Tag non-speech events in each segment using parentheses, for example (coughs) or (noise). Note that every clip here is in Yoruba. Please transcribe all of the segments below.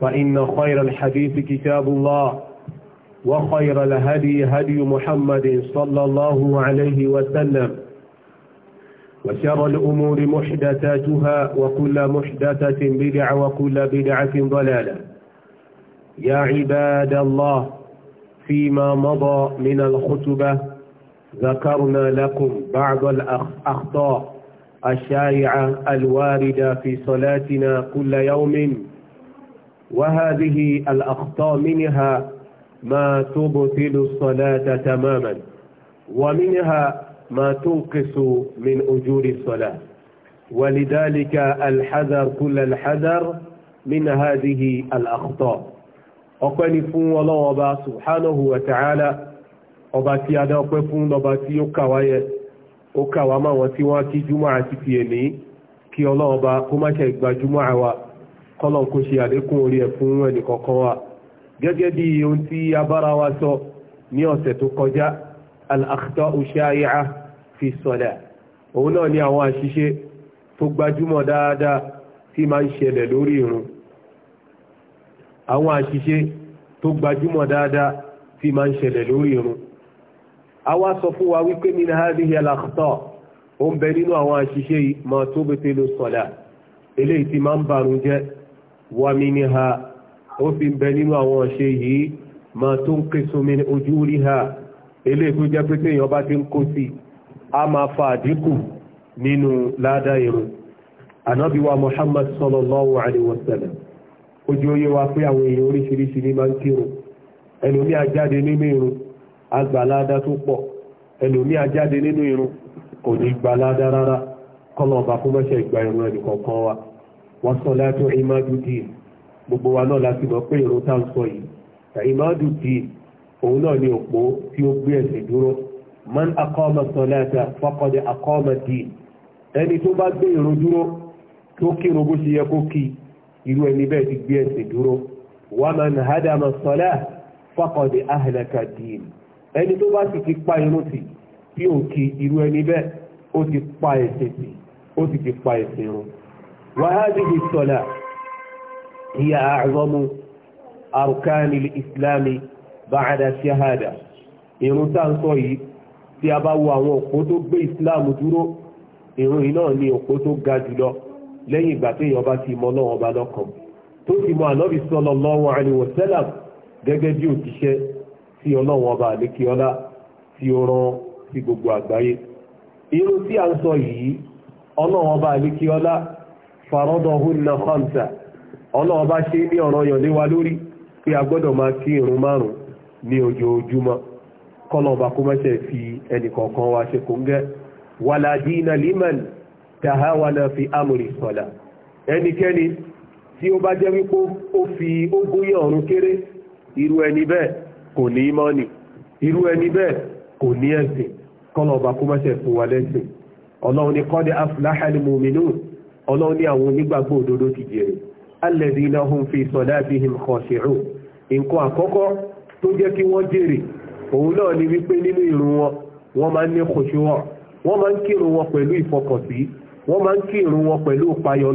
فإن خير الحديث كتاب الله وخير الهدي هدي محمد صلى الله عليه وسلم وشر الأمور محدثاتها وكل محدثة بدعة وكل بدعة ضلالة يا عباد الله فيما مضى من الخطبة ذكرنا لكم بعض الأخطاء الشائعة الواردة في صلاتنا كل يوم وهذه الأخطاء منها ما تبطل الصلاة تماما ومنها ما تنقص من أجور الصلاة ولذلك الحذر كل الحذر من هذه الأخطاء ọpẹ́ fún Ọlọ́run Ọba subhanahu wa ta'ala ọba tí a dá ọpẹ́ fún lọba tí ó kà wá yẹ ó kà wá máa wọn tí wọ́n kí júmọ́ àti fi èní kí Ọlọ́run Ọba kó má ṣe ìgbà júmọ́ àwa kọ́lọ̀ kó ṣe àlékún orí ẹ̀ fún ẹnì kọ̀ọ̀kan wa gẹ́gẹ́ bí ohun tí abára wa sọ ní ọ̀sẹ̀ tó kọjá al-akhta'u shai'a fi salat òun náà ni àwọn àṣìṣe tó gbajúmọ̀ dáadáa tí máa ń ṣẹlẹ̀ lórí irun àwọn àṣìṣe tó gbajúmọ̀ dáadáa tí máa ń ṣẹlẹ̀ lórí irun a wá sọ fún wa wípé min hadhihi al ó ń bẹ nínú àwọn àṣìṣe yìí ma tubtilu salat eléyìí tí máa ń barun jẹ́ wa minha ó fi ń bẹ nínú àwọn ma tunqisu min ujuriha eléyìí tó jẹ́ pé téèyàn bá ti ń kó sí a máa fa àdínkù nínú ládá irun ànábì wa Muhammad sallallahu alayhi wa sallam ojú oyé wa pé àwọn èèyàn oríṣiríṣi ní máa ń kírun ẹlòmí àjáde nínú irun agbàládá tó pọ̀ ẹlòmí àjáde nínú irun kò ní gbàládá rárá ọba fún ìgbà irun ẹnì wa wọ́n sọ láti ìmáàdù dín gbogbo wa náà láti mọ̀ pé ìrun tá ń sọ yìí ìmáàdù dín òun náà ni òpó tí ó gbé ẹ̀sìn dúró man akọ́mọ sọ láti faqad akọ́mọ dín ẹni tó bá gbé ìrun dúró tó kírun bó ṣe yẹ kó kí irú ẹni bẹ́ẹ̀ ti gbé ẹ̀sìn dúró wa man hadama sọlá faqad ahlaka dín ẹni tó bá sì ti pa irun tì tí ò kí irú ẹni bẹ́ẹ̀ ó ti pa ẹ̀sìn tì ó sì ti pa ẹ̀sìn run. وهذه الصلاة هي أعظم أركان الإسلام بعد الشهادة ìrun tá ń sọ yìí tí a bá wo àwọn òpó tó gbé islam dúró ìrun yìí náà ni òpó tó ga jùlọ lẹ́yìn ìgbà tí èèyàn bá ti mọ Ọlọ́run ọba lọ́kàn tó ti mọ ànábì sallallahu alaihi wasallam gẹ́gẹ́ bí òjíṣẹ́ tí Ọlọ́run ọba àlékiọlá tí ó rán sí gbogbo àgbáyé ìrun tí a ń sọ yìí Ọlọ́run ọba àlékiọlá faradahunna khamsa ọlọ́run bá ṣe ní ọ̀ràn yàn lé wa lórí pé a gbọ́dọ̀ máa kí irun márùn ní ojoojúmọ́ kọ́lọ̀ ọba kó mẹ́sẹ̀ fi ẹnìkọ̀ọ̀kan wa ṣe kò ń gẹ́ wala dina liman tahawana fi amri sọ̀dà ẹnikẹ́ni tí ó bá jẹ́ wípé ó fi ogún yẹ ọ̀run kéré irú ẹni bẹ́ẹ̀ kò ní ìmọ́ni irú ẹni bẹ́ẹ̀ kò ní ẹ̀sìn ọlọ́run ní àwọn onígbàgbọ́ òdodo ti jèrè alladhina hum fi salatihim khashi'un nǹkan àkọ́kọ́ tó jẹ́ kí wọ́n jèrè òun náà ni wípé nínú ìrun wọn wọ́n máa ń ní khushu'u wọ́n máa ń kírun wọn pẹ̀lú ìfọkànsí wọ́n máa ń kírun wọn pẹ̀lú ìpayọ̀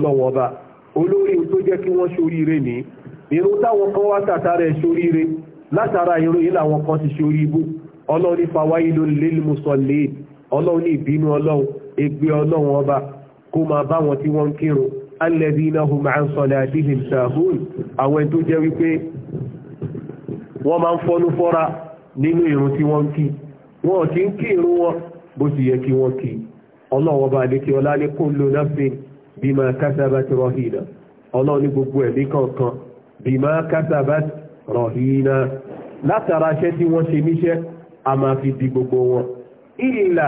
ọlọ́wọ́n olórí ìbínú ọlọ́run ègbé ọlọ́run ọba kó máa bá wọn tí wọ́n ń kírun alladhina hum an salatihim sahun àwọn ẹni tó jẹ́ wípé wọ́n máa ń fọ́nú fọ́ra nínú ìrun tí wọ́n ń kí wọ́n ti ń kí ìrun wọn bó ti yẹ kí wọ́n kí ọlọ́wọ́ bá lè kí ọlá ní kullu nafsin bima kasabat rahina ọlọ́wọ́ ní gbogbo ẹ̀mí kọ̀ọ̀kan bima kasabat rahina látara iṣẹ́ tí wọ́n ṣe níṣẹ́ a máa fi di gbogbo wọn illa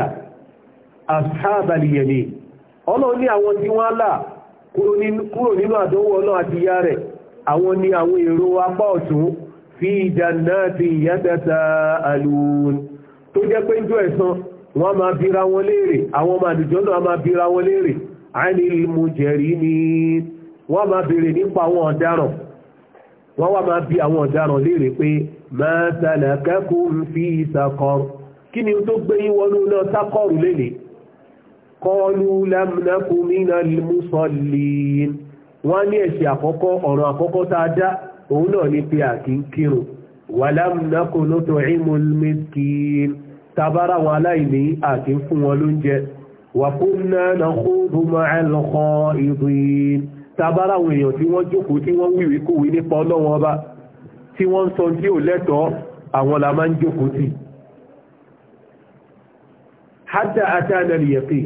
ashabal yamin ọlọ́run ní àwọn tí wọ́n là kúrò nínú àdánwò ọlọ́run àti ìyà rẹ̀ àwọn ni àwọn èrò apá ọ̀tún fi jannatin yatasaalun tó jẹ́ pé ń jọ ẹ̀san wọ́n máa bira wọn léèrè àwọn ọmọ àdìjọ́ náà máa bira wọn léèrè anil mujrimin wọ́n máa bèèrè nípa àwọn ọ̀daràn wọ́n wá máa bi àwọn ọ̀daràn léèrè pé ma fi saqar kí ni tó gbé yín náà sákọ̀rù lénìí kọlu lamnaku mina musallin wọ́n ní ẹ̀ṣẹ̀ àkọ́kọ́ ọ̀rọ̀ àkọ́kọ́ tá a dá òun náà ní pé àti ń kírun wà lamnaku nut'imul miskin tabara wọn aláìní àti ń fún wọn lóúnjẹ wà kunna nakhudu ma'al kha'idin tabara àwọn èèyàn tí wọ́n jókòó tí wọ́n wíwí kòwé nípa ọlọ́wọ́n ọba tí wọ́n ń sọ tí ò lẹ́tọ̀ọ́ àwọn la máa ń jókòó tì. hatta atana al-yaqin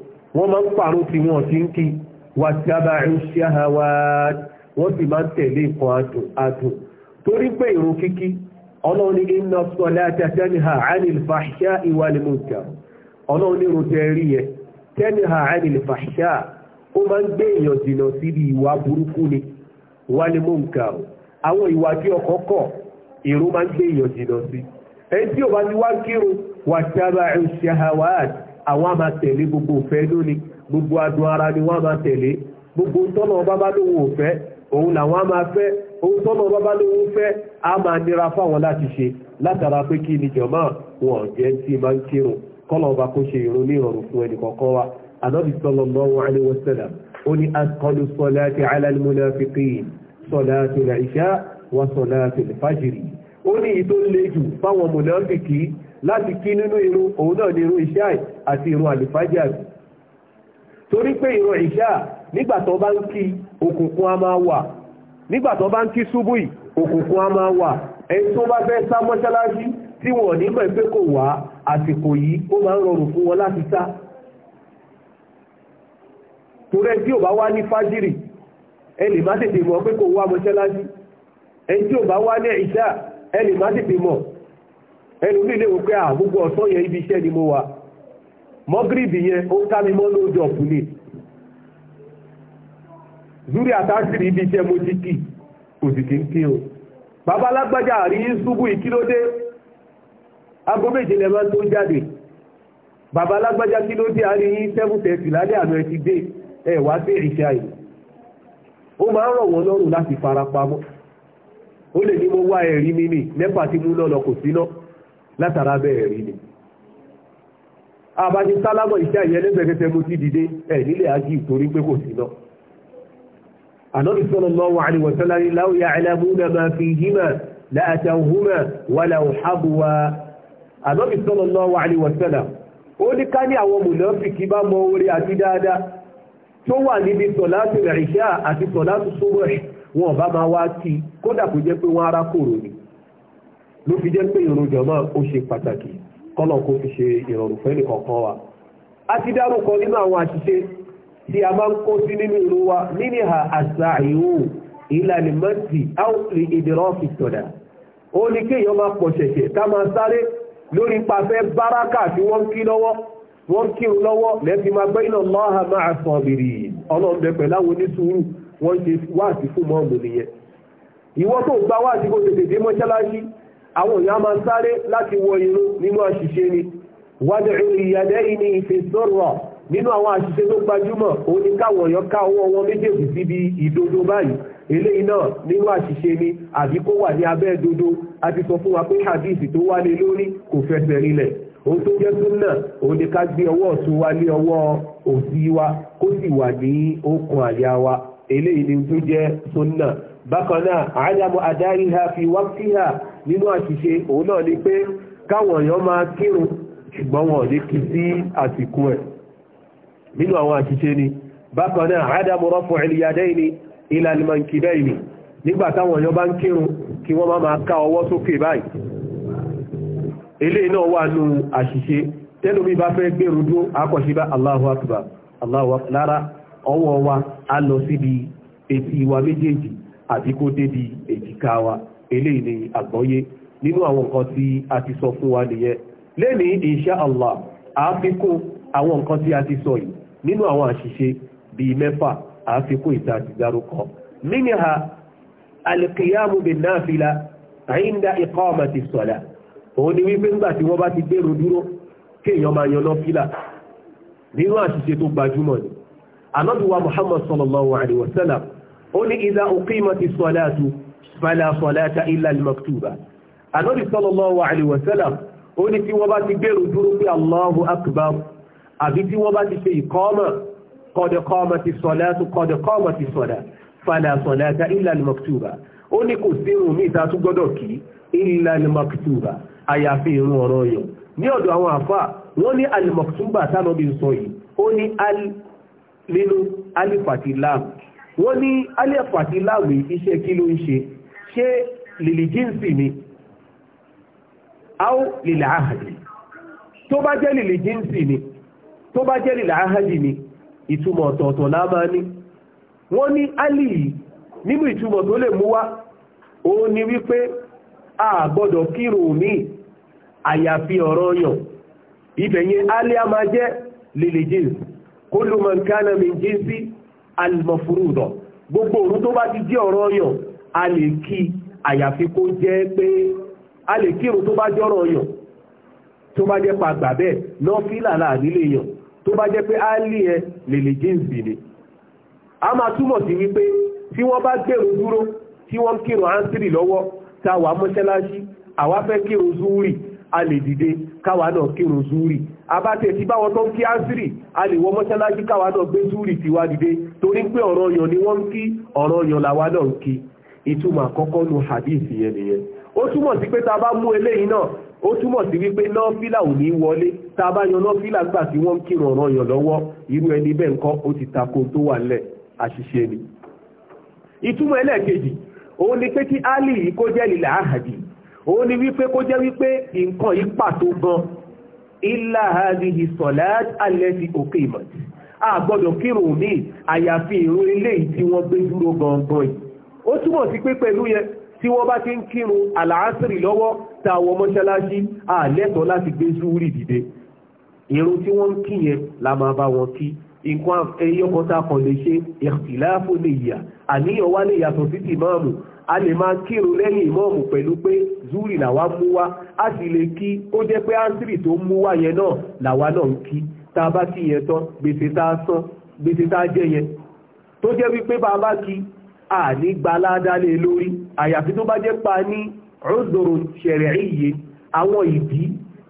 wọ́n máa ń pààrọ̀ tí wọ́n ti ń kí wà tí a bá ń ṣe àwa wọ́n sì máa ń tẹ̀lé nǹkan adùn adùn torí pé ìrun kíkí ọlọ́run ní iná sọ láti àtẹ́ni ha anil fàṣà ìwà ni mo jà ọlọ́run ní tẹ́ rí yẹn tẹ́ni ha anil fàṣà ó máa ń gbé èèyàn jìnnà síbi ìwà burúkú ni wà ni mo ń àwọn ìwà tí ọkọ̀ kọ̀ ìrun máa ń gbé èèyàn jìnnà sí ẹni tí ò bá ti wá kírun wà tí a bá ń ṣe àwa àti àwọn a máa tẹ̀lé gbogbo òfẹ́ lónìí gbogbo adùn ara ni wọ́n a máa tẹ̀lé gbogbo tọ́nà ọba bá lóhun òfẹ́ òun làwọn a máa fẹ́ òun tọ́nà ọba bá lóhun fẹ́ a máa nira fáwọn láti ṣe látara pé kí ni jọ̀mọ́ wọn jẹ́ tí máa ń kírun kọ́nà ọba kó ṣe ìrun ní ìrọ̀rùn fún ẹnì kọ̀ọ̀kan wa anábì sallallahu alaihi wasallam ó ní asqalu ó ní ìtò lè jù fáwọn mùnàfìkì láti kí nínú irú òun náà ni irú ìṣá àti irú àlùfájà torí pé irú ìṣá nígbà tó bá ń kí òkùnkùn a máa wà nígbà tó bá ń kí ṣubúì òkùnkùn a máa wà ẹni tó bá fẹ́ sá mọ́ṣáláṣí tí wọ́n ní mọ̀ pé kò wá àsìkò yìí ó máa ń rọrùn fún wọn láti sá torí tí ò bá wá ní fájìrì ẹ lè má tètè mọ̀ pé kò wá mọ́ṣáláṣí ẹni tí ò bá wá ní ìṣá ẹ lè má tètè mọ̀ ẹlòmíì lè wò pé à ah, gbogbo ibi iṣẹ́ ni mo wà mọ́gírìbì yẹn ó ń ká mi mọ́ lóòjọ ọ̀pùnlé zúrí àtàkìrì ibi iṣẹ́ mo ti kì kò sì kí ń kí o bàbá alágbájá àrí ṣubú ìkílódé aago méje lẹ máa tó jáde bàbá alágbájá kílódé àrí yín seven thirty lálẹ́ àná ẹ ti dé ẹ wá sí ìṣe àyè ó máa ń rọ̀ wọ́n lọ́rùn láti fara pamọ́ ó lè ní mo wá ẹ̀rí mímì nẹ́pà tí mú náà lọ kò sí náà látara bẹ́ẹ̀ rí ni àbájí sálámọ̀ iṣẹ́ àyẹ́ lẹ́sẹ̀kẹsẹ̀ mú sí dìde ẹ̀ nílẹ̀ ájí torí pé kò sí náà ànábì sallallahu alaihi wa sallam law ya'lamuna ma fihima la'atawhuma walaw habwa ànábì sallallahu alaihi wa sallam ó ní ká ní àwọn mùnáfìkì bá mọ orí àti dáadáa tó wà níbi sọ̀látù ìṣà àti sọ̀látù súbúhì wọn bá máa wá ló fi jẹ́ pé ìrun jọ̀mọ́ ó ṣe pàtàkì kọ́nà kó fi ṣe ìrọ̀rùn kọ̀ọ̀kan wa a ti dárúkọ nínú àwọn àṣìṣe tí a máa ń kó sí nínú wa ha àṣà ìhù ìlànà mọ́tì áùtì ìdìrọ́ọ̀fì sọ̀dà ó ní máa pọ̀ ṣẹ̀ṣẹ̀ ká máa sáré lórí báráká tí wọ́n kí lọ́wọ́ wọ́n lọ́wọ́ máa gbé iná lọ́ha máa sọ bìrì wọ́n ṣe wáàsí fún nìyẹn tó gba wáàsí kó tètè dé àwọn èèyàn máa ń sáré láti wọ irun nínú àṣìṣe ni wádìí ìyàdẹ́ ìní ìfẹsọ̀rọ̀ nínú àwọn àṣìṣe tó gbajúmọ̀ òun ni káwọn èèyàn ká ọwọ́ wọn méjèèjì síbi ìdodo báyìí eléyìí náà nínú àṣìṣe ni àbí kó wà ní abẹ́ dodo a ti sọ fún wa pé hadith tó wá lé lórí kò fẹsẹ̀ rinlẹ̀ ohun tó jẹ́ súnà òun ni ká gbé ọwọ́ ọ̀tún wa lé ọwọ́ òsì wa kó sì wà ní okùn àyà wa eléyìí ni tó jẹ́ súnà bákan náà àádàmú adáríha fi wákìhà nínú àṣìṣe òun náà ni pé káwọn èèyàn máa kírun ṣùgbọ́n wọn ò kí sí ẹ̀ ni bákan ni ìlànà mọ̀nkìdẹ́ ni nígbà ń kírun kí wọ́n máa ká ọwọ́ sókè báyìí ọwọ́ wa á lọ síbi etí wa méjèèjì àti kó débi èjìká eléyìí ni àgbọ́yé nínú àwọn nǹkan tí a ti sọ fún wa nìyẹn lẹ́ni insha allah àáfikún àwọn nǹkan tí a ti sọ yìí nínú àwọn àṣìṣe bíi mẹ́fà àáfikún ìta àti dárúkọ minha alqiyamu bin nafila inda iqamati salah òun ni wípé ńgbà tí wọ́n bá ti gbèrò dúró kéèyàn máa yan nọ́fílà nínú àṣìṣe tó gbajúmọ̀ ni anábìwá muhammad sallallahu alayhi wa sallam ó ní idha uqimatis salatu fala salata illa al-maktuba ànábì sallallahu alayhi wa sallam ó ní tí wọ́n bá ti gbèrò dúró pé Allahu akbar àbí tí wọ́n bá ti ṣe ìkọ́mọ̀ qad qamati salatu qad qamati salatu fala salata illa al-maktuba ó ní kò sí irun mi ìta tún gbọ́dọ̀ kí illa al-maktuba àyàfi irun ọ̀rọ̀ yọ ní ọ̀dọ̀ àwọn àfà wọ́n ní al-maktuba tánàbí sọ yìí ó ní al nínú alifatilam wọ́n ní alifatilam iṣẹ́ kí ló ń ṣe ṣé lìlì jíǹsì ni áó lìlì àhàdì tó bá jẹ́ lìlì jíǹsì ni tó bá jẹ́ lìlì àhàdì ni ìtumọ̀ ọ̀tọ̀ọ̀tọ̀ la máa ní wọ́n ní alì nínú ìtumọ̀ tó lè mú wá òun ni wípé a gbọ́dọ̀ kírun mi àyàfi ọ̀rọ̀ yàn ibẹ̀yẹn alì a máa jẹ́ lìlì jíǹsì kullu man kana min jíǹsì al-mafruda gbogbo òun tó bá ti jẹ́ ọ̀rọ̀ yàn a lè kí àyàfi kó jẹ́ pé a lè kírun tó bá jọ́rọ̀ yàn tó bá jẹ́ pa gbà bẹ́ẹ̀ lọ́ fílà láàrílé yàn tó bá jẹ́ pé a lè ẹ lèlè jíǹsì ni a máa túmọ̀ sí wípé tí wọ́n bá gbèrò dúró tí wọ́n kírun áńtírì lọ́wọ́ tá wà mọ́ṣáláṣí àwa fẹ́ kírun zúúrì a lè dìde káwa náà kírun zúúrì abáte ti báwọn tó ń kí áńtírì a lè wọ mọ́ṣáláṣí káwa náà gbé zúúrì tiwa dìde torí pé ọ̀ranyàn ni wọ́n ń kí ọ̀ranyàn làwa náà ń kí ìtumọ̀ àkọ́kọ́ nu hadith yẹn nìyẹn ó túmọ̀ sí pé tá a bá mú eléyìí náà ó túmọ̀ sí wípé nọ́fílà ò ní wọlé tá a bá yan nọ́fílà gbà tí wọ́n ń kírun ọ̀ràn yàn lọ́wọ́ irú ẹni bẹ́ẹ̀ ńkọ́ ó ti tako tó wà nílẹ̀ àṣìṣe ni. ìtumọ̀ ẹlẹ́ẹ̀kejì òun ni pé kí ali yìí kó jẹ́ lílẹ̀ àhàdì òun ni wípé kó jẹ́ wípé nǹkan yìí pàtó gan ilà àdìhì sọ̀lá alẹ́ ti òkè ìmọ̀ a gbọ́dọ̀ kírun míì àyàfi ìrun eléyìí tí wọ́n gbé dúró gangan yìí ó túmọ̀ sí pé pẹ̀lú yẹn tí wọ́n bá ti ń kírun àlàásìrì lọ́wọ́ ta wọ mọ́ṣáláṣí àlẹ́tọ̀ láti gbé zúúrì dìde irun tí wọ́n ń kí yẹn la máa bá wọn kí nǹkan ẹyọkan tá a kàn lè ṣe ìtìláàfò lè yà àníyàn wá lè yàtọ̀ sí ti máàmù a lè máa kírun lẹ́yìn ìmọ̀ọ̀mù pẹ̀lú pé zúrì làwa mú wá a sì lè kí ó jẹ́ pé ánsìrì tó mú wá yẹn náà làwa náà ń kí tá a bá kí yẹn tán gbèsè tá a san gbèsè tá a jẹ yẹn tó jẹ́ wípé bá a bá kí àní gbaládálé lórí àyàfi tó bá jẹ́ pa ní ọ̀dọ̀rọ̀ ṣẹ̀rẹ̀ iye àwọn ìdí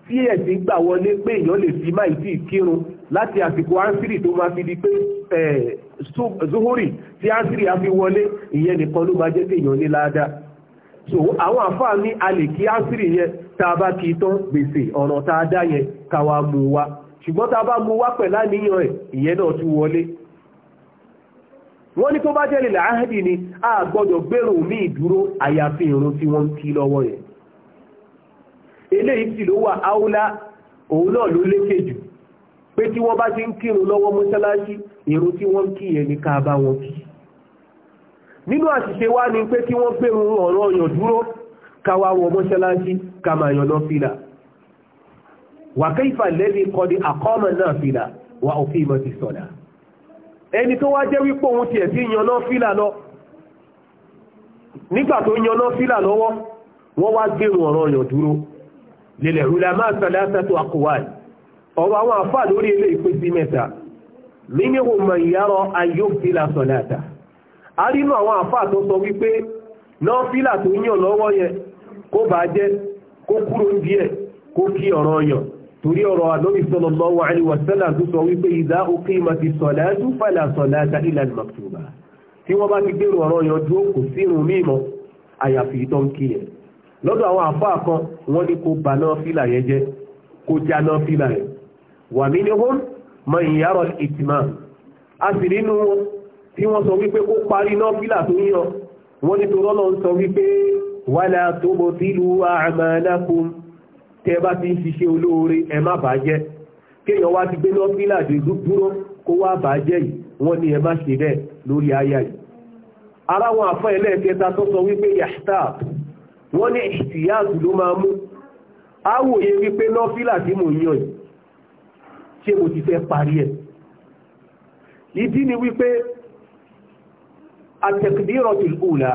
tí ẹ̀sìn gbà wọlé pé èèyàn lè fi máa ìtì kírun láti àsìkò ánsírì tó máa fi di pé zuhuri tí ánsírì á fi wọlé ìyẹn nìkan ló máa jẹ́ pé èèyàn ní ládàá so àwọn àfáà ní a lè kí ánsírì yẹn tá a bá kí i tán gbèsè ọ̀ràn tá a dá yẹn káwa mú wa ṣùgbọ́n tá a bá mú wa pẹ̀lá níyàn ẹ̀ ìyẹn náà tún wọlé wọ́n ní tó bá jẹ́ lílà áhẹ́dì ni a gbọ́dọ̀ gbèrò mí ìdúró àyàfi ìrun tí wọ́n ń kí lọ́wọ́ yẹn eléyìí sì ló wà áúlá òun náà ló lékè jù pé tí wọ́n bá ti ń kírun lọ́wọ́ mọ́ṣáláṣí ìrun tí wọ́n kí yẹn ní ká bá wọn kí nínú àṣìṣe wa ni pé kí wọ́n gbèrò ọ̀rọ̀ yàn dúró káwa wọ mọ́ṣáláṣí ká máa yàn náfìlà wà kayfa alladhi qad aqama náfìlà wà òfin mọ́ ti sọ̀dà ẹni tó wá jẹ́ wípé òun tiẹ̀ sí yanná fílà lọ nígbà tó yanná fílà lọ́wọ́ wọ́n wá gbé ọ̀rọ̀ yàn dúró lélẹ̀ ulama salasatu aqwal ọ̀rọ̀ àwọn àfà lórí ilé ìpín a sọ wípé torí ọ̀rọ̀ àdóbi sallallahu alaihi wasallam tó sọ wípé idha uqimati salatu fala salata illa al-maktuba tí wọ́n bá ti gbèrò ọ̀rọ̀ yọ dúró kò sírun mímọ́ àyàfi tó ń kí ẹ̀ lọ́dọ̀ àwọn àfáà kan wọ́n ní kó ba náà fìlà yẹn jẹ́ kó já náà fìlà yẹn wa minhum man yara al-itmam a sì nínú tí wọ́n sọ wípé kó parí náà fìlà tó yàn wọ́n ní torọ́lọ́ ń sọ wípé wala tubtilu a'malakum tẹ́ bá ti ń ṣiṣẹ́ olóore ẹ má bàá jẹ́ kéèyàn wá ti gbé nọ́fílà dúró kó wá bàá jẹ́ yìí wọ́n ní ẹ má ṣe bẹ́ẹ̀ lórí aya yìí ara wọn àfọ́ ẹlẹ́ẹ̀kẹta tó sọ wípé yahtab wọ́n ní ìṣìyàtù ló máa mú á wòye wípé nọ́fílà tí mò ń yàn yìí ṣé mo ti fẹ́ parí ẹ̀ ìdí ni wípé àtẹ̀kìdírọ̀tì ùlà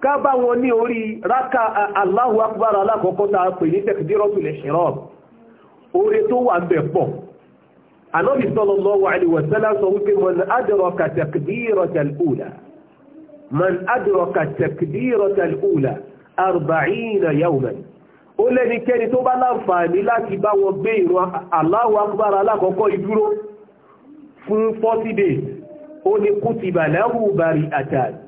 ká bá wọn ní orí rákà Allahu Akbar alákọ̀ọ́kọ́ tá a pè ní takbiratul ihram oore tó wà bẹ̀ pọ̀ Ànábì sallallahu alaihi wa sallam sọ wípé man adraka takbiratal ula man adraka takbiratal ula arba'ina yawman ó lẹ́nikẹ́ni tó bá láǹfààní láti bá wọn gbé ìran Allahu Akbar alákọ̀ọ́kọ́ ìdúró fún 40 days ó ní kutiba lahu bari'atan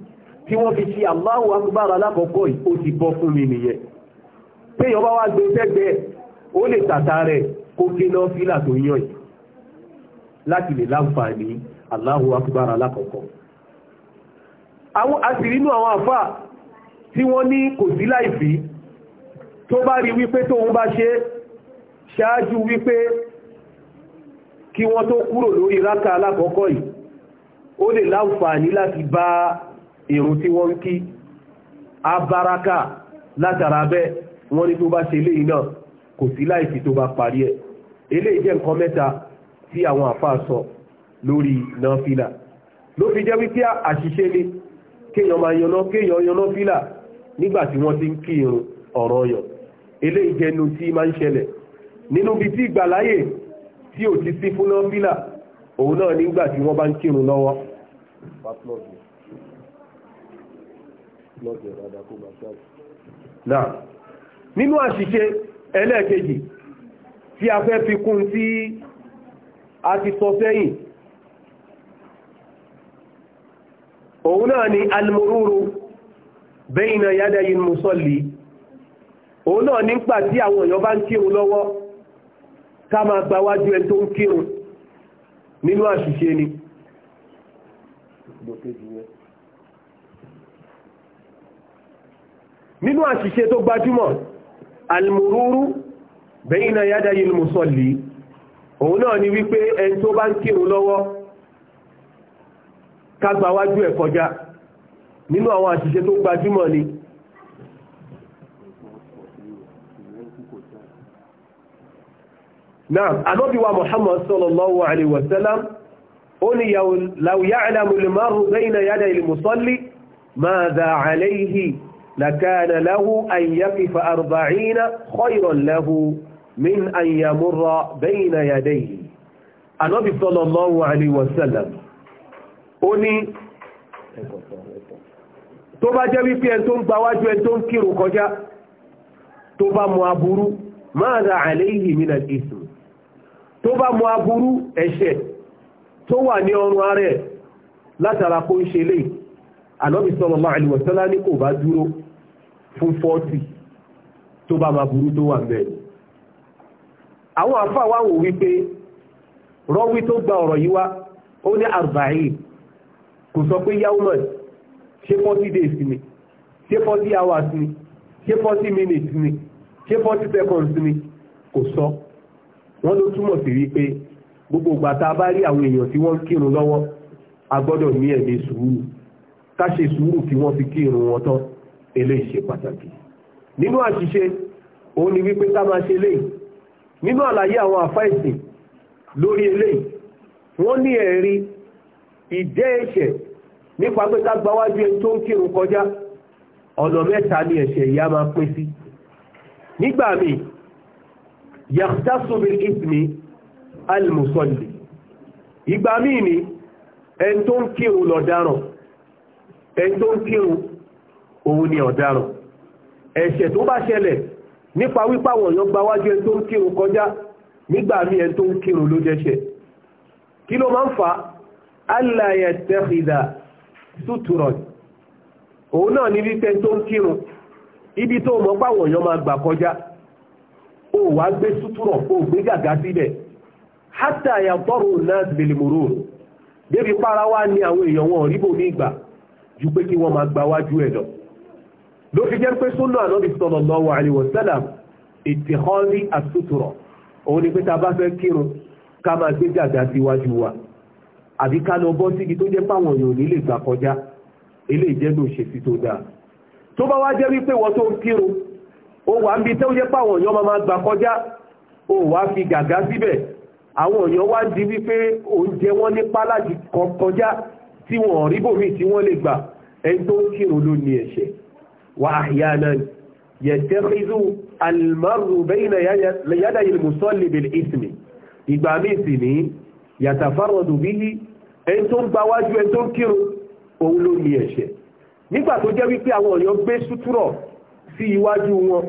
tí wọ́n fi ṣe Allahu Akbar alákọ̀ọ́kọ́ yìí ó ti bọ́ fún mi nìyẹn pé yọba wá gbé sẹ́gbẹ́ ó lè tàta rẹ̀ kó ké náà fílà tó yàn yìí láti lè láǹfààní Allahu Akbar alákọ̀ọ́kọ́ àwọn àṣìrínú àwọn àfà tí wọ́n ní kò sí láìfí tó bá rí wípé tóun bá ṣe ṣáájú wípé kí wọ́n tó kúrò lórí rákà alákọ̀ọ́kọ́ yìí ó lè láǹfààní láti bá ìrun tí wọ́n ń kí abáraka látara bẹ́ẹ̀ wọ́n ní tó bá ṣe eléyìí náà kò sí láìsí tó bá parí ẹ̀ eléyìí jẹ́ nǹkan mẹ́ta tí àwọn àfáà sọ lórí náfìlà ló fi jẹ́ wípé àṣìṣe ni kéèyàn máa yaná kéèyàn yaná fìlà nígbà tí wọ́n ti ń kí irun ọ̀rọ̀ yàn eléyìí jẹ́ nu tí máa ń ṣẹlẹ̀ nínú bí tí ìgbàláyè tí ò ti sí fún náfìlà òun náà nígbà tí wọ́n bá ń kírun lọ́wọ́ lọ́jọ́ dáadáa kó máa ṣáàtì. náà nínú àṣìṣe ẹlẹ́ẹ̀kejì tí a fẹ́ fi kún tí a ti sọ sẹ́yìn òun náà ni almururu bayna yadayin musalli òun náà nígbà tí àwọn èèyàn bá ń kírun lọ́wọ́ ká máa gba wájú tó ń kírun nínú àṣìṣe ni. Gbogbo kejì yẹn. nínú àṣìṣe tó gbajúmọ̀ almururu bayna yadayi almusalli òun náà ni wípé ẹni tó bá ń kírun lọ́wọ́ kágbàwájú ẹ̀ kọjá nínú àwọn àṣìṣe tó gbajúmọ̀ ni náà anọ́bíwa Muhammad sallallahu alaihi wasallam ó ní law ya'lamu almaru bayna yadayi almusalli madha alayhi لكان له أن يقف أربعين خيرا له من أن يمر بين يديه النبي صلى الله عليه وسلم ó ní tó bá jẹ́ wípé ẹn tó ń gba wájú ẹn tó ń kírun kọjá tó bá mú aburú ماذا عليه من الإثم tó bá mú aburú ẹ̀ṣẹ̀ tó wà ní ọrùn ara ẹ̀ látara kó ń ṣe léè Ànábì sallallahu alaihi wasallam ní kò bá dúró fún fọ́tì tó bá ma burú tó wà mẹ́rin àwọn àfà wá wò wípé rọ́wí tó gba ọ̀rọ̀ yìí wá ó ní àrùbáyé kò sọ pé yáwùmọ̀ ṣé forty days ni ṣé forty hours ni ṣé forty minutes ni ṣé forty seconds ni kò sọ wọ́n ló túmọ̀ sí wípé gbogbo ìgbà tá a bá rí àwọn èèyàn tí wọ́n ń kírun lọ́wọ́ a gbọ́dọ̀ ní ẹ̀mí sùúrù ká ṣe sùúrù kí wọ́n fi kírun wọn tán eléyìí ṣe pàtàkì nínú àṣìṣe òun ni wípé ká máa ṣe eléyìí nínú àlàyé àwọn àfáìsìn lórí eléyìí wọ́n ní ẹ̀rí ìdẹ́ ẹ̀ṣẹ̀ nípa pé ká gbáwájú ẹni tó ń kírun kọjá ọ̀nà mẹ́ta ni ẹ̀ṣẹ̀ ìyá máa pín sí nígbà míì yàtàṣù bil ismi ìgbà míì ni ẹni tó ń kírun lọ̀daràn ẹni tó ń kírun òun ni ọ̀daràn ẹ̀ṣẹ̀ tó bá ṣẹlẹ̀ nípa wípa wọ̀nyàn gba wájú ẹni tó ń kírun kọjá nígbà mí ẹni tó ń kírun ló jẹ́ṣẹ̀ kí ló máa ń fa aláyẹ̀tẹ́fìdà sútùrọ̀ òun náà ní wípẹ́ tó ń kírun ibi tó mọ́ páwọn èèyàn máa gbà kọjá ó wá gbé sútùrọ̀ ó gbé gàgá síbẹ̀ hátà yàtọ̀rù náà bèlèmòrò débi para wá ní àwọn èèyàn wọn rí bòmí ìgbà ju pé kí wọ́n máa gba wájú ẹ̀ lọ ló fi jẹ́ pé súnà ànábì sallallahu alaihi wasallam ìtìhọ́rí àtútùrọ̀ òun ni pé ta bá fẹ́ kírun ká máa gbé gàgà síwájú wa àbí ká lọ bọ́ síbi tó jẹ́ páwọn èèyàn nílé gbà kọjá eléyìí jẹ́ ló ṣe sí tó dáa tó bá wá jẹ́ wípé wọ́n tó ń kírun ó wà ń bi tó jẹ́ páwọn èèyàn máa gbà kọjá ó wà fi gàgà síbẹ̀ àwọn èèyàn wá di wípé oúnjẹ wọn nípa láti kọjá tí wọn rí bòmíì tí wọ́n lè gbà ẹni tó ń kírun ló ní ẹ̀ṣẹ̀ وأحيانا يتخذ المرء بين يدي المصلي بالإثم ìgbà míì sì ní yàtàfàrọ̀dù bí i ẹni tó ń gba wájú ẹni tó ń kírun òun ló ní ẹ̀ṣẹ̀ nígbà tó jẹ́ wípé àwọn èèyàn gbé sútúrọ̀ sí iwájú wọn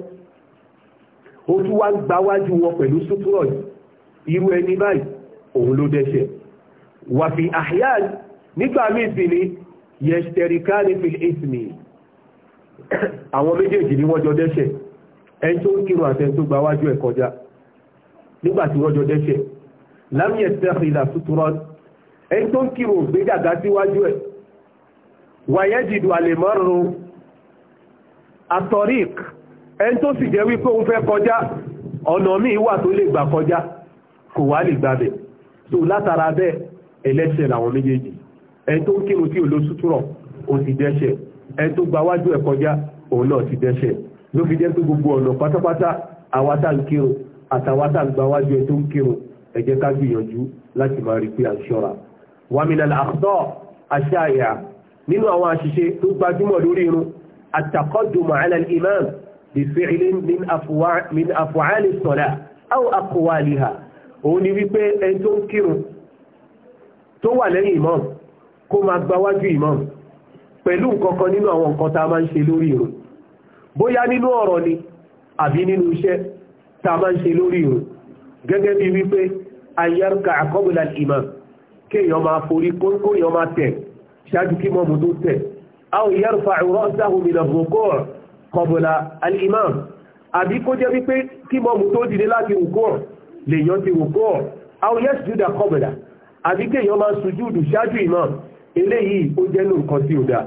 ó tún wá ń gba wájú wọn pẹ̀lú sútúrọ̀ yìí irú ẹni báyìí òun ló dẹ́ṣẹ̀ wàfi àhíyàn nígbà míì sì ní yẹ̀ṣẹ̀ríkà ní fil ismi (coughs) àwọn méjèèjì ni wọ́n jọ dẹ́ṣẹ̀ ẹni tó ń kírun àtẹni tó gba wájú ẹ̀ kọjá nígbà tí wọ́n jọ dẹ́ṣẹ̀ lámìẹ̀ sẹ́fì ìlà sútúrọ́ ẹni tó ń kírun ògbé gàgá síwájú ẹ̀ wàyẹ́ dìdù àlèmọ́rún atorik ẹni tó sì jẹ́ wípé òun fẹ́ kọjá ọ̀nà míì wà tó lè so látara bẹ́ẹ̀ ẹlẹ́ṣẹ̀ làwọn méjèèjì ẹni tó ń kírun tí ò lóṣùtúrọ̀ ò sì dẹ́ṣẹ̀ ẹ tó gba wájú ẹ̀ kọjá òun náà ti dẹ́ṣẹ̀ ló fi jẹ́ pé gbogbo ọ̀nà pátápátá àwa tá ń kírun àtàwa tá ń gba wájú ẹ tó ń kírun ẹ jẹ́ ká gbìyànjú láti máa rí pé à ń ṣọ́ra wàmìnàlá àkọ́tọ̀ àṣà àyà nínú àwọn àṣìṣe tó gbajúmọ̀ lórí irun àtàkọ́dùmọ̀ ala al-imam bifi'lin min af'ali as-salah aw aqwaliha òun ni wípé ẹni tó ń kírun tó wà lẹ́yìn imam kó máa gba wájú imam pẹ̀lú nǹkankan nínú àwọn nǹkan tá a máa ń ṣe lórí ìrun bóyá nínú ọ̀rọ̀ ni àbí nínú iṣẹ́ tá a máa ń ṣe lórí ìrun gẹ́gẹ́ bí wípé ayárùkà àkọ́bùlà imam kéèyàn máa forí kóyàn máa tẹ̀ ṣáájú kí mọ́mù tó tẹ̀ àwọn ìyárùfà ra'sahu min imam àbí kó jẹ́ wípé kí mọ́mù tó dìde láti rùkọ́ lèyàn ti rùkọ́ àwọn yẹ́sùdúdà qabla àbí imam eléyìí ó jẹ́ nǹkan tí ó dá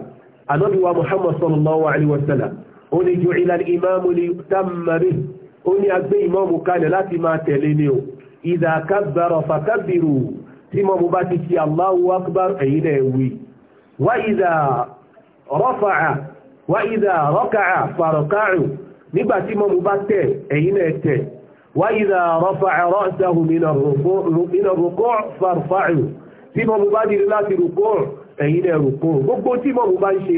ànábì wa muhammad sallallahu alaihi wasallam ó ní ju ìlànà ìmáàmù ní tamari ó ní agbé ìmáàmù kalẹ̀ láti máa tẹ̀lé ni o ìdá kábàrọ̀ fàkábìrù tí mọ́mù bá ti fi allahu akbar ẹ̀yin náà wí wá ìdá rọ́fàá wá ìdá rọ́kàá fàrọ̀káàrù nígbà tí mọ́mù bá tẹ̀ ẹ̀yin náà tẹ̀ wá ìdá rọ́fàá rọ́ṣàhù mìíràn rùkọ́ fàrọ̀fàá tí mọ́mú bá dìrí láti rùkún ẹ̀yìn ẹ̀ rùkún gbogbo tí mọ́mú bá ń ṣe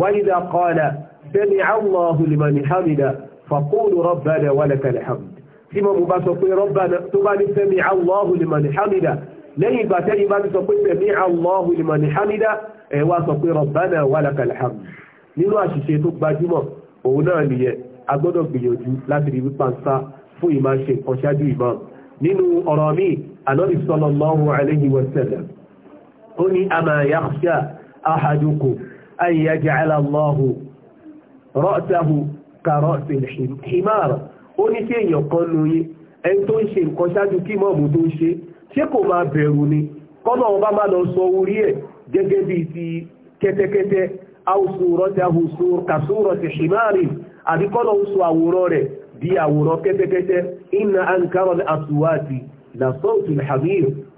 wáyídà kọ́ọ̀dà sẹ́ni Allahu liman hamida faqulu rabbana walakal hamd tí mọ́mú bá sọ pé rabbana tó bá ní sẹ́ni Allahu liman hamida lẹ́yìn ìgbà tẹ́yìn bá ti sọ pé sẹ́ni Allahu liman hamida ẹ̀ wá sọ pé rabbana walakal hamd ọ̀rọ̀ míì Ànábì sallallahu alayhi wa sallam ó ní àmà yàkṣà àhàdùkù ayyájá aláàlọ́hù rọ́ọ̀tàhù kàrọ́ọ̀tì himara ó ní sí èèyàn kan lóye ẹni tó ń ṣe nǹkan ṣáájú kí mọ́ọ̀mù tó ń ṣe ṣé kò máa bẹ̀rù ni kọ́nà ọba máa lọ sọ orí ẹ̀ gẹ́gẹ́ bíi ti kẹ́tẹ́kẹ́tẹ́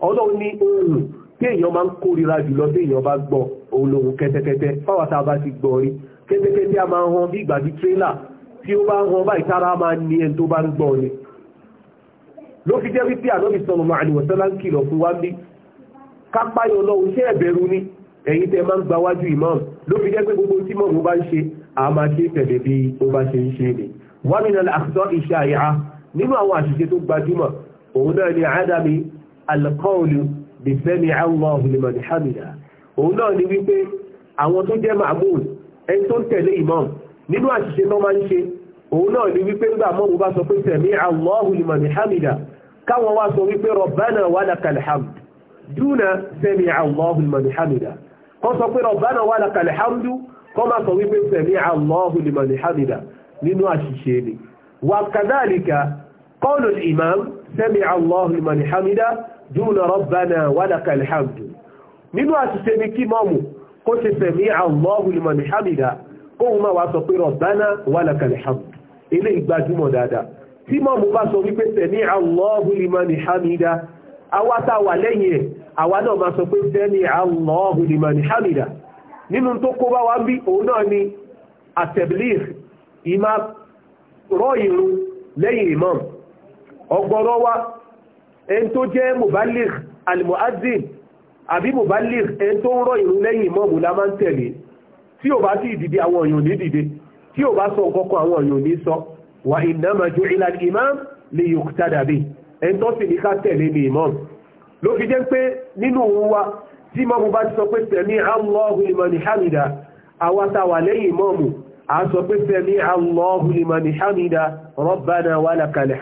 ọlọ́run ní ohun téèyàn máa ń kórira jùlọ téèyàn bá gbọ́ olóhùn kẹ́tẹ́kẹ́tẹ́ fáwọn tá a bá ti gbọ́ rí kẹ́tẹ́kẹ́tẹ́ a máa ń hàn bí ìgbà tí tírélà tí ó bá ń hàn báyìí tára máa ní ẹni tó bá ń gbọ́ ni ló fi jẹ́ wípé ànábì sallallahu alaihi wasallam ń kìlọ̀ fún wa bí kápáyọ̀ lọ iṣẹ́ ẹ̀bẹ̀rù ni ẹ̀yin tẹ́ máa ń gba wájú ìmáàmù ló fi jẹ́ pé gbogbo tí mọ̀mù bá ń ṣe a máa ṣe tẹ̀lé bí ó bá ṣe ń ṣe ni wa min al-akhta' ash-shai'a nínú àwọn àṣìṣe tó gbajúmọ̀ òun náà ni àádámi al bí sẹ́mi Allahu liman hamidah òun náà ni wípé àwọn tó jẹ́ ma'mum ẹni tó ń tẹ̀lé imam nínú àṣìṣe tó máa ń ṣe òun náà ni wípé nígbà mọ́mù bá sọ pé sẹ̀mí Allahu liman hamidah káwọn wá sọ wípé rabbana walakal hamd dúnà sẹ́mi Allahu liman hamidah kọ́ sọ pé rabbana dúnà rabbana walakal hamdu nínú àṣìṣe ní kí mọ́mù kó ṣe sẹ̀mí Allahu liman hamida kóhun máa wá sọ pé rabbana walakal hamdu ilé ìgbàjúmọ̀ dáadáa tí mọ́mù bá sọ wípé sẹ̀mí Allahu liman hamida àwa tá wà lẹ́yìn ẹ̀ àwa náà máa sọ pé sẹ́mi Allahu ẹn tó jẹ́ mubalig almuazin àbí mubalig ẹn tó ń rọ ìrun lẹ́yìn mọ́mù la máa ń tẹ̀lé tí ò bá sì dìde àwọn èèyàn ní dìde tí ò bá sọ kọ́kọ́ àwọn èèyàn ní sọ wà innama ju'ila al-imam li yuqtada bi ẹn tó sì ní ká tẹ̀lé ní imam ló fi jẹ́ pé nínú òun wa tí mọ́mù bá ti sọ pé sami Allahu liman hamida àwa tá wà lẹ́yìn mọ́mù a sọ pé sami Allahu liman hamida rabbana wa lakal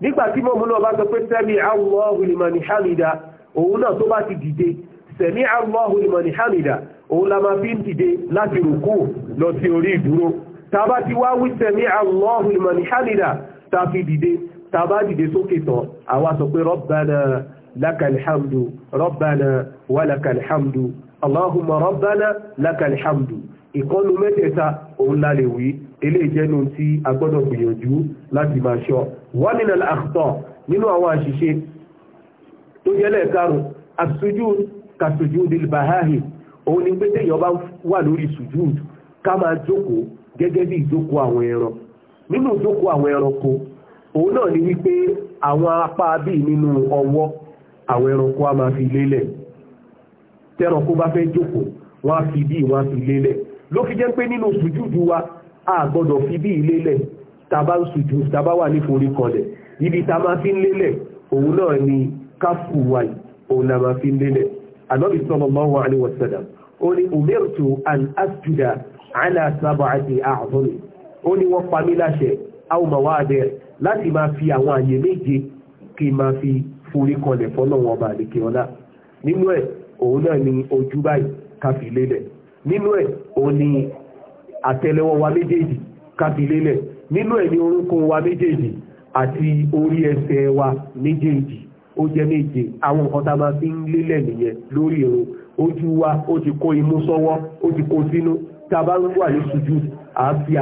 nígbà tí mọ̀mú náà bá sọ pé sẹ́mi Allahu limani hamida òun náà tó bá ti dìde sẹ́mi Allahu limani hamida òun la máa fi ń dìde láti rùkú lọ sí orí ìdúró tàbá ti wá wí sẹ́mi Allahu limani hamida tá fi dìde tàbá dìde sókè tán àwa sọ pé Rabbana lakal hamdu Rabbana walakal ìkọlù mẹ́tẹ̀ẹ̀ta òun lálẹ́ wí eléyìí tí a gbìyànjú láti máa ṣọ́ wàmínà àkùtọ̀ nínú àwọn àṣìṣe tó jẹ́lẹ̀ karùn àṣojú kàṣojú dilbahahi òun ni pé téèyàn bá wà lórí sùjúd ká máa jókòó gẹ́gẹ́ bí ìjókòó àwọn ẹran nínú ìjókòó àwọn ẹranko òun náà ni wípé àwọn apá bíi nínú ọwọ́ àwọn ẹranko a máa fi lélẹ̀ tẹ́ranko bá fẹ́ jókòó wọ́n á fi bíi wọ́n á fi lélẹ̀ ló fi jẹ́ pé nínú sùjúdù wa a fi bíi lélẹ̀ tàbá ń sùjú tàbá wà ní forí kọlẹ̀ ibi tá máa fi ń lélẹ̀ òun náà ni káfù wáyì òun náà máa fi ń lélẹ̀ ànábì sallallahu alaihi wasallam ó ní umirtu an asjuda ala sab'ati a'zami ó ní wọ́n pa mí láṣẹ aw mawadi' láti máa fi àwọn àyè méje kí máa fi forí kọlẹ̀ fọ́lọ́wọ́n ọba àlèkè ọlá nínú ẹ̀ òun náà ni ojú báyìí ká lélẹ̀ nínú ẹ̀ òun ni àtẹ́lẹwọ́ wa méjèèjì ká lélẹ̀ nínú ẹ̀ ní wa méjèèjì àti orí ẹsẹ̀ wa méjèèjì ó jẹ́ méje àwọn nǹkan tá a máa fi ń lélẹ̀ nìyẹn lórí èrò ojú wa ó ti kó imú sọ́wọ́ ó ti kó sínú tá a ń wà ní sùjú à fi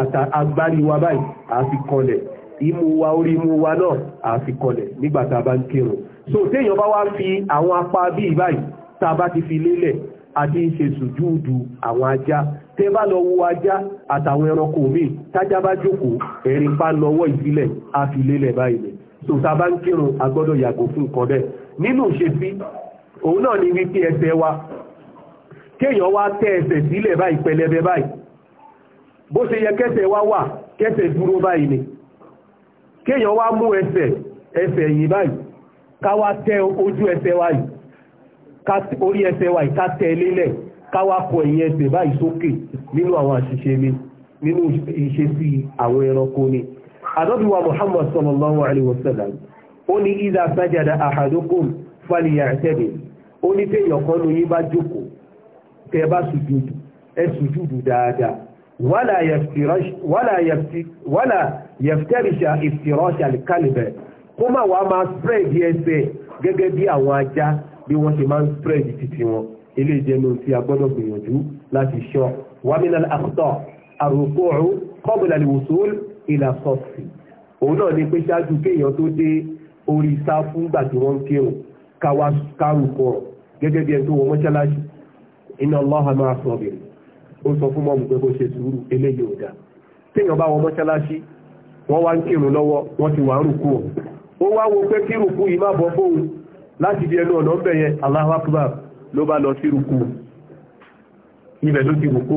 agbárí wa báyìí à kọlẹ̀ imú wa orí imú wa náà à kọlẹ̀ nígbà bá ń kírun so téèyàn bá wá fi àwọn apá bíi báyìí tá ti fi lélẹ̀ àti ṣe sùjúùdù àwọn ajá tẹ bá lọ wo ajá àtàwọn ẹranko míì tájá bá jókòó ẹ̀rín pa lọ́wọ́ ìsílẹ̀ á fi lélẹ̀ báyìí so tá a bá ń kírun a gbọ́dọ̀ yàgò fún nǹkan bẹ́ẹ̀ nínú ìṣesí òun náà ni wípé ẹsẹ̀ wa kéèyàn wá tẹ ẹsẹ̀ sílẹ̀ báyìí pẹlẹbẹ báyìí bó ṣe yẹ kẹsẹ̀ wá wà kẹsẹ̀ dúró báyìí ni kéèyàn wá mú ẹsẹ̀ ẹsẹ̀ yìí báyìí ká wá tẹ ojú ẹsẹ̀ wa yìí orí ẹsẹ̀ wa ìka tẹ̀ lélẹ̀ káwá kọ ẹ̀yìn ẹsẹ̀ báyìí sókè nínú àwọn àṣìṣe ni nínú ìṣesí àwọn ẹranko ni àdọ́bíwa Muhammad sallallahu alaihi wasallam ó ní ìdá sájàdá ahadukum fàlìyà àtẹ́bẹ̀ ó ní tẹ́yọ̀ kan ní yí bá jókòó tẹ́ bá sùjúdù ẹ sùjúdù dáadáa wàlà yẹ̀ftẹ́rìṣà ìfìrọ́ṣà kálíbẹ̀ kó má wàá máa spread ẹsẹ̀ gẹ́gẹ́ bí àwọn ajá bí wọ́n ṣe máa ń spread títí wọn ilé ìjẹnu tí a gbọ́dọ̀ gbìyànjú láti ṣọ́ wàmínà àkútọ̀ àròkóòrò kọ́bùlà lìwòsàn ìlà sọ́ọ̀sì òun náà ni pé ṣáájú kéèyàn tó dé orí sá fún gbà tí wọ́n ń kírun káwa kárùkọ gẹ́gẹ́ bí ẹni tó wọ mọ́ṣáláṣí iná ọlọ́hà máa sọ bẹ̀rẹ̀ ó sọ fún mọ́mù pé bó ṣe sùúrù eléyìí ò dáa téèyàn bá wọ mọ́ṣáláṣí wọ́n wá ń kírun lọ́wọ́ wọ́n ti wà ń rùkú ó wá wo pé kírùkú yìí má bọ́ fóun láti bí ẹnu ọ̀nà bẹ̀yẹ Allahu Akbar ló bá lọ sí rùkú ibẹ̀ ló ti rùkú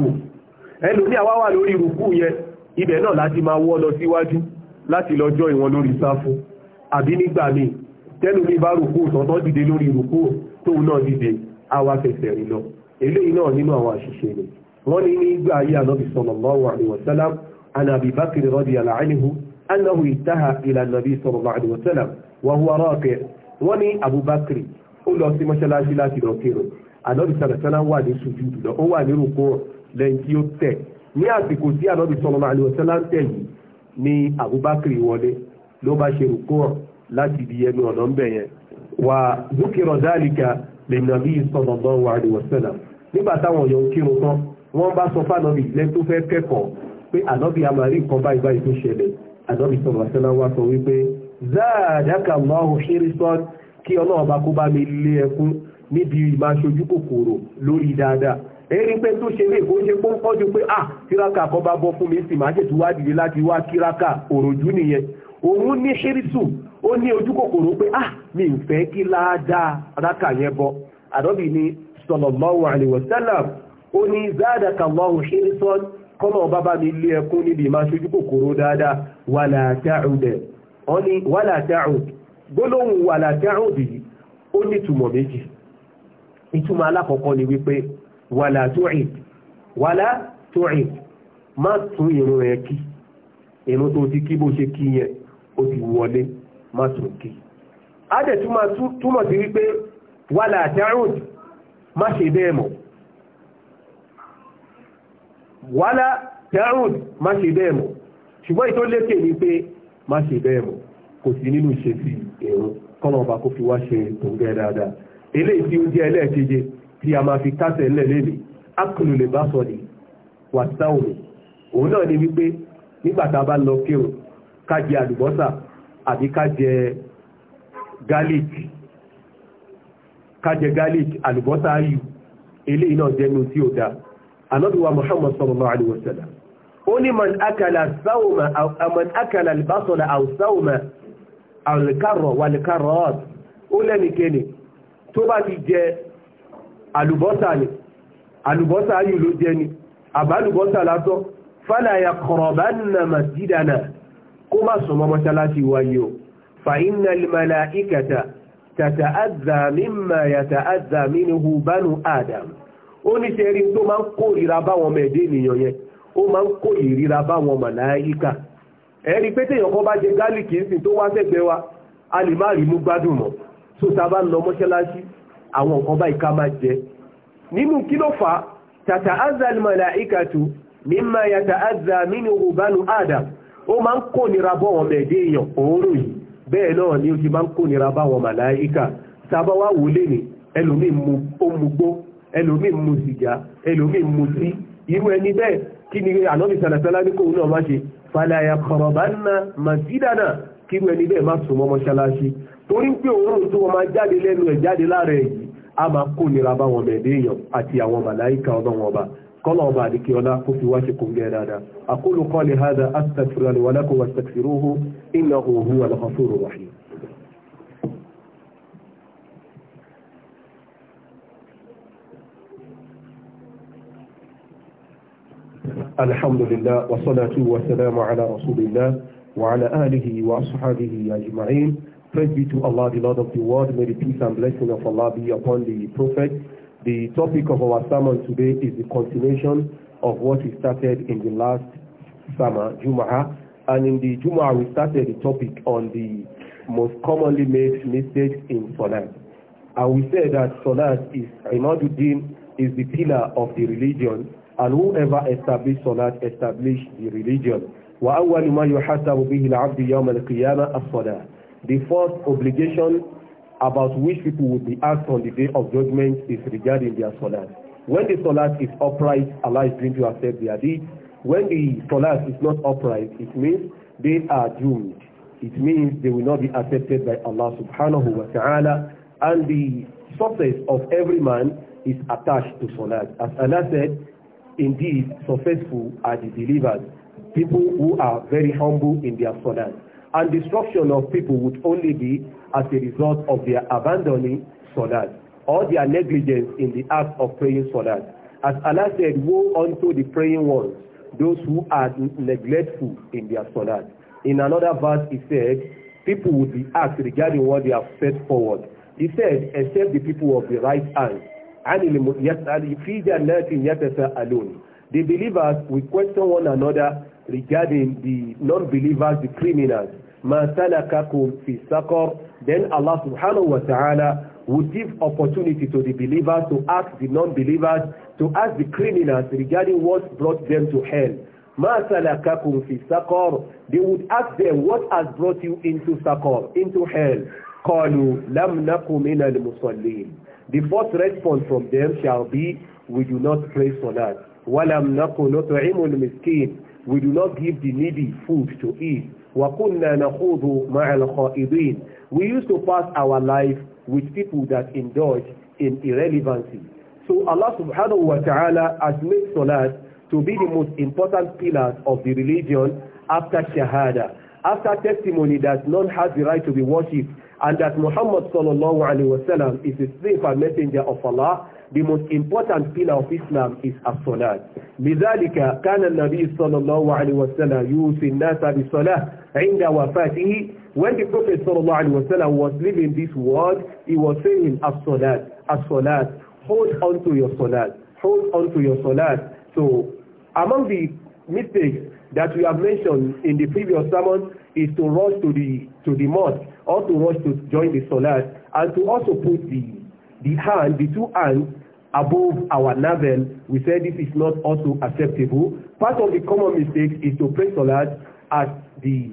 ẹnu ní àwa wà lórí rùkú yẹn ibẹ̀ náà láti máa wọ́ lọ síwájú láti lọ jọ ìwọ̀n lórí sáfù àbí nígbà míì tẹ́nu mi bá rùkú tọ́tọ́ dìde lórí rùkú tóun náà dìde àwa fẹsẹ̀ rìn lọ eléyìí náà nínú àwọn àṣìṣe rẹ̀ wọ́n ní nígbà ayé ànábì sallallahu alaihi wasallam عن أبي بكر رضي الله عنه أنه انتهى إلى النبي صلى الله عليه وسلم وهو راكع wọ́n ní Abubakar ó lọ sí mọ́ṣáláṣí láti lọ kírun ànábì sàlàsánà wà ní sùjúdù lọ ó wà ní rúkọ lẹ́yìn tí ó tẹ̀ ní àsìkò tí ànábì sallallahu alaihi wasallam tẹ̀ yìí ní Abubakar wọlé ló bá ṣe rúkọ láti di ẹnu ọ̀nà ń bẹ̀ yẹn wà zúkìrọ̀ dálìkà lè nàbí sallallahu alaihi wasallam nígbà táwọn yọ kírun tán wọ́n bá sọ fánàbì lẹ́yìn záàdáka Allahu hirisan kí ọlọ́run bá kó bá mi lé ẹkún níbi ìmá ṣojú kòkòrò lórí dáadáa èyí pé tó ṣe lè kó ṣe kó ń kọ́jú pé à kíráka kan bá bọ́ fún mi sì máa ṣètò wá dìde láti wá kíráka òròjú nìyẹn òun ní ṣírísù ó ní ojú kòkòrò pé à mi ń fẹ́ kí láadáa ráka yẹn bọ́ àdọ́bì ni sallallahu alaihi wasallam ó ní záàdáka Allahu hirisan kọ́nà bàbá mi lé ẹkún níbi ìmá ṣojú kòkòrò dáadáa wàlà táàrùdẹ̀ wọ́n ní wàlà ta'ud gbólóhùn wàlà ta'ud yìí ó ní ìtumọ̀ méjì ìtumọ̀ alákọ̀ọ́kọ́ ni wípé wàlà tu'id wàlà tu'id má tún ìrun rẹ̀ kí ìrun tó ti kí bó ṣe kí yẹn ó ti wọlé má tún kí á dẹ̀ túmọ̀ sí wípé wàlà ta'ud má ṣe bẹ́ẹ̀ mọ̀ wàlà ta'ud má ṣe bẹ́ẹ̀ mọ̀ ṣùgbọ́n ìtó ni pé má ṣe bẹ́ẹ̀ mọ̀ kò sí nínú ìṣesí èrò kọ́nà ọba kó fi wá ṣe tòǹgẹ́ dáadáa eléyìí tí ó jẹ́ ẹlẹ́ẹ̀keje tí a máa fi kásẹ̀ ńlẹ̀ lélè ákùlù lè bá sọ ní wàtáwùmí òun náà ni wípé nígbà tá a bá lọ kírun ká jẹ àlùbọ́sà àbí ká jẹ garlic ká jẹ garlic àlùbọ́sà ayù eléyìí náà jẹ́nu tí ó dáa ànábì Muhammad sallallahu alaihi wasallam ó ní man akala sáwùmá man akala albásọ̀lá àwùsáwùmá alkarọ̀ walkarọ̀t ó lẹ́nikẹ́ni tó bá ti jẹ àlùbọ́sà ni àlùbọ́sà ayù ló jẹ ni àbálùbọ́sà lásán fálàyà kọ̀rọ̀bá nà masjidana kó má súnmọ́ mọ́ṣáláṣí wáyé o fa inna almalaikata tàtàázà mímà yàtàázà mínú banu adam ó ní tó máa ń kórìíra báwọn mẹ́ẹ̀dẹ́ ènìyàn yẹn ó máa ń kó ìríra báwọn màláíkà ẹ̀rí pé téèyàn kan bá jẹ gálíkì ńsìn tó wá sẹ́gbẹ̀ẹ́ wa a lè má rí mú gbádùn mọ́ tó ta bá ń lọ mọ́ṣáláṣí àwọn nǹkan báyìí ká máa jẹ nínú kí ló fà tàtà azal màláíkàtù mímá yàtà azà mínú ubanu adam ó máa ń kó nira bọ́ wọn mẹ̀dé èèyàn òórùn yìí bẹ́ẹ̀ náà ni ó ti máa ń kó nira bá wọn màláíkà sábà wá wò lé ní ẹlòmíì mu ó mu gbó ẹlòmíì mu sìgá ẹlòmíì mu sí irú ẹni bẹ́ẹ̀ kí ni ànábì sàlàsálà ní kóun náà má ṣe falaya kọ̀rọ̀bánà màsídànà kí ni ẹni bẹ́ẹ̀ má sùn mọ́ mọ́ṣáláṣí torí pé òórùn tó wọn máa jáde lẹ́nu ẹ̀ jáde lára yìí a máa kó nira bá wọn mẹ̀ẹ́dẹ́yàn àti àwọn màláìka ọlọ́wọ́n ọba قال بعد كيولا كفي واشكم جلالا أقول قولي هذا أستغفر لي ولكم واستغفروه إنه هو الغفور الرحيم الحمد لله والصلاة والسلام على رسول الله وعلى آله وأصحابه أجمعين Praise be to Allah, the Lord of the world. May the peace and blessing of Allah be upon the Prophet. The topic of our sermon today is the continuation of what we started in the last summer, Jumu'ah. And in the Jumu'ah, we started the topic on the most commonly made mistakes in Salat. And we said that Salat is, Imaduddin, is the pillar of the religion and whoever established salat established the religion wa awwal ma yuhasabu bihi al-'abdu yawm al-qiyamah as-salah the first obligation about which people will be asked on the day of judgment is regarding their salat when the salat is upright Allah is going to accept their deeds when the salat is not upright it means they are doomed it means they will not be accepted by Allah subhanahu wa ta'ala and the success of every man is attached to salat as Allah said Indeed, successful are the believers, people who are very humble in their salah. And destruction of people would only be as a result of their abandoning salah or their negligence in the act of praying salah. As Allah said, woe unto the praying ones, those who are neglectful in their salah. In another verse, he said, people would be asked regarding what they have set forward. He said, except the people of the right hand fi jannatin yatasa'alun. The believers will question one another regarding the non-believers, the criminals. Ma salakakum fi saqar. Then Allah subhanahu wa ta'ala would give opportunity to the believers to ask the non-believers, to ask the criminals regarding what brought them to hell. Ma salakakum fi saqar. They would ask them, what has brought you into saqar, into hell? Qalu lam nakum al musallin. The first response from them shall be, we do not pray for Salat. وَلَمْ نَكُ نُطْعِمُ الْمِسْكِينَ We do not give the needy food to eat. وَكُنَّا نَخُوضُ مَعَ الْخَائِضِينَ We used to pass our life with people that indulge in irrelevancy. So Allah subhanahu wa ta'ala has made Salat to be the most important pillars of the religion after Shahada, after testimony that none has the right to be worshipped and that Muhammad sallallahu alayhi wa sallam is the safe messenger of Allah, the most important pillar of Islam is as-salat. لذلك كان النبي صلى الله عليه وسلم يوصي الناس بالصلاة عند وفاته. When the Prophet صلى الله عليه وسلم was living, this world, he was saying as-salat, as-salat, hold on to your salat, hold on to your salat. So among the mistakes that we have mentioned in the previous sermon is to rush to the to the mosque or to rush to join the salat and to also put the the hand the two hands above our navel we say this is not also acceptable part of the common mistake is to pray salat at the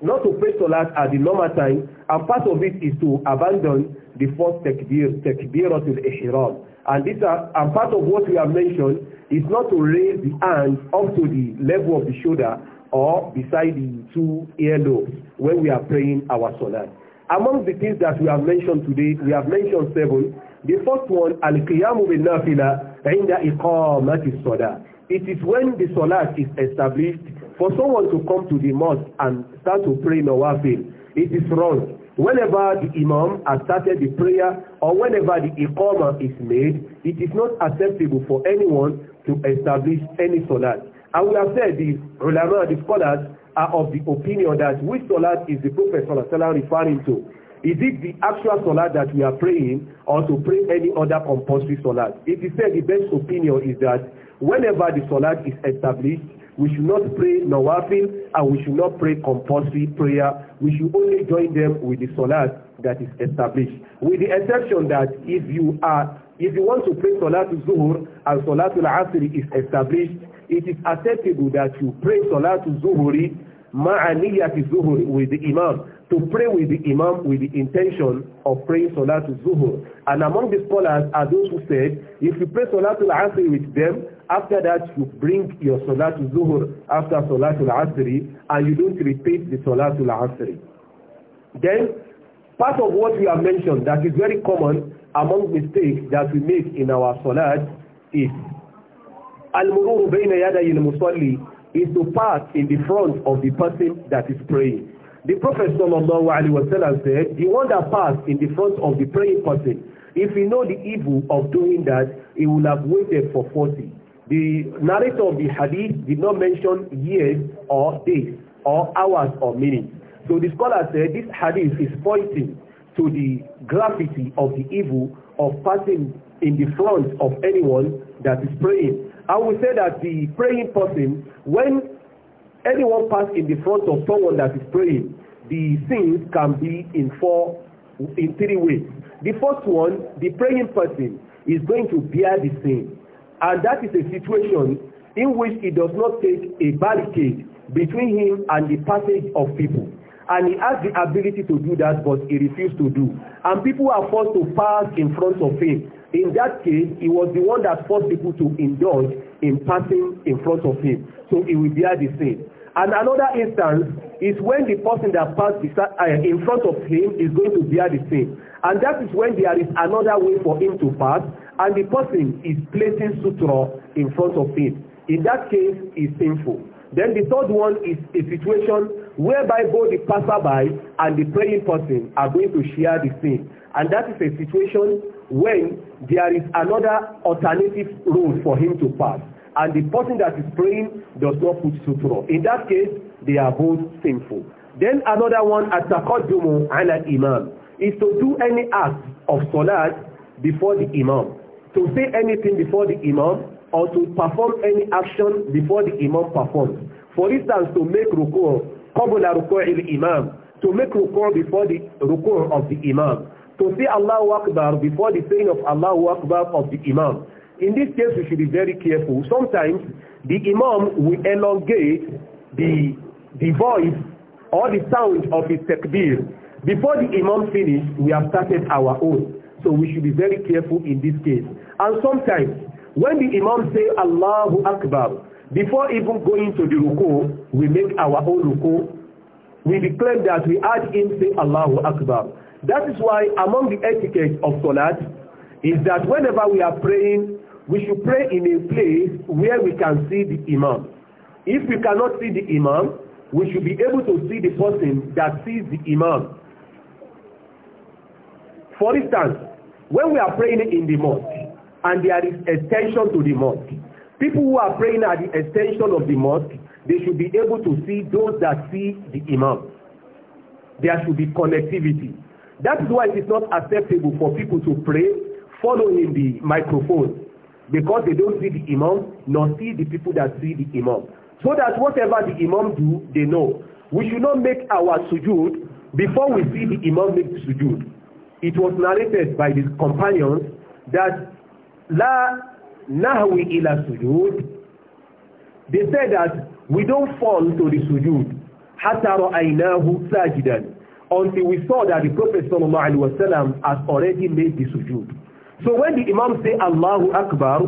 not to pray salat at the normal time and part of it is to abandon the first takbir takbiratul ihram and this are and part of what we have mentioned is not to raise the hand up to the level of the shoulder or beside the two earlobes when we are praying our salah. Among the things that we have mentioned today, we have mentioned seven. The first one, al-qiyamu bin nafila inda iqamati salah. It is when the salah is established for someone to come to the mosque and start to pray nawafil. It is wrong. Whenever the imam has started the prayer or whenever the iqama is made, it is not acceptable for anyone to establish any salat. And we have said the ulama, the scholars, are of the opinion that which salat is the Prophet sallallahu referring to? Is it the actual salat that we are praying or to pray any other compulsory salat? If you say the best opinion is that whenever the salat is established, we should not pray nawafil and we should not pray compulsory prayer. We should only join them with the salat that is established. With the exception that if you are, if you want to pray salatul zuhur and salatul asr is established, it is acceptable that you pray Salatul Zuhri ma'aniyyati Zuhri with the Imam to pray with the Imam with the intention of praying Salatul Zuhur. And among the scholars are those who said, if you pray Salatul Asri with them, after that you bring your Salatul Zuhur after Salatul Asri and you don't repeat the Salatul Asri. Then, part of what we have mentioned that is very common among mistakes that we make in our Salat is Al-Mururu Bayna Yadayi Musalli is to pass in the front of the person that is praying. The Prophet sallallahu alaihi wasallam said, the one that pass in the front of the praying person, if he know the evil of doing that, he will have waited for 40. The narrator of the hadith did not mention years or days or hours or minutes. So the scholar said this hadith is pointing to the gravity of the evil of passing in the front of anyone that is praying. I will say that the praying person, when anyone pass in the front of someone that is praying, the sins can be in four, in three ways. The first one, the praying person is going to bear the sin, and that is a situation in which he does not take a barricade between him and the passage of people and he has the ability to do that but he refused to do and people are forced to pass in front of him in that case he was the one that forced people to indulge in passing in front of him so he will bear the sin and another instance is when the person that passed beside, uh, in front of him is going to bear the sin and that is when there is another way for him to pass and the person is placing sutura in front of him in that case is sinful then the third one is a situation whereby both the passerby and the praying person are going to share the same. And that is a situation when there is another alternative road for him to pass. And the person that is praying does not put sutura. In that case, they are both sinful. Then another one, at and an imam, is to do any act of salat before the imam. To say anything before the imam or to perform any action before the imam performs. For instance, to make ruku qabla ruku'il imam, to make ruku' before the ruku' of the imam, to say Allahu Akbar before the saying of Allahu Akbar of the imam. In this case, we should be very careful. Sometimes the imam will elongate the, the voice or the sound of his takbir. Before the imam finish, we have started our own. So we should be very careful in this case. And sometimes, when the imam say Allahu Akbar, Before even going to the ruku, we make our own ruku. We declare that we add in say Allahu Akbar. That is why among the etiquette of Salat is that whenever we are praying, we should pray in a place where we can see the Imam. If we cannot see the Imam, we should be able to see the person that sees the Imam. For instance, when we are praying in the mosque and there is a tension to the mosque, People who are praying at the extension of the mosque, they should be able to see those that see the imam. There should be connectivity. That is why it is not acceptable for people to pray following the microphone because they don't see the imam nor see the people that see the imam. So that whatever the imam do, they know. We should not make our sujood before we see the imam make the sujood. It was narrated by the companions that La nahwi ila sujud they said that we don't fall to the sujud hatta ra'aynahu sajidan until we saw that the prophet sallallahu alaihi wasallam has already made the sujud so when the imam say allahu akbar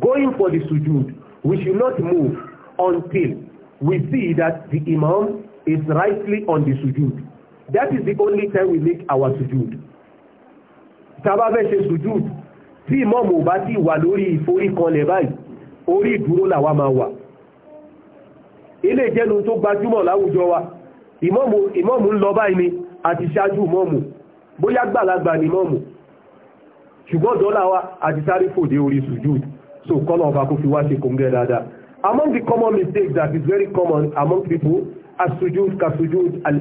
going for the sujud we should not move until we see that the imam is rightly on the sujud that is the only time we make our sujud tá bá sujud tí ìmọ̀mù bá ti wà lórí ìforíkanlẹ̀ báyìí orí ìdúró làwa máa wà ilé ìjẹnu tó gbajúmọ̀ láwùjọ wa ìmọ̀mù ń lọ báyìí ni àti ṣáájú mọ́mù bóyá gbàlagbà ni mọ́mù ṣùgbọ́n dọ́là wa àti sáré fòdé orí sùjúd so kọ́nà ọba kó fi wá ṣe kòǹgẹ́ dáadáa among the common mistakes that is very common among people as sujud ka sujud al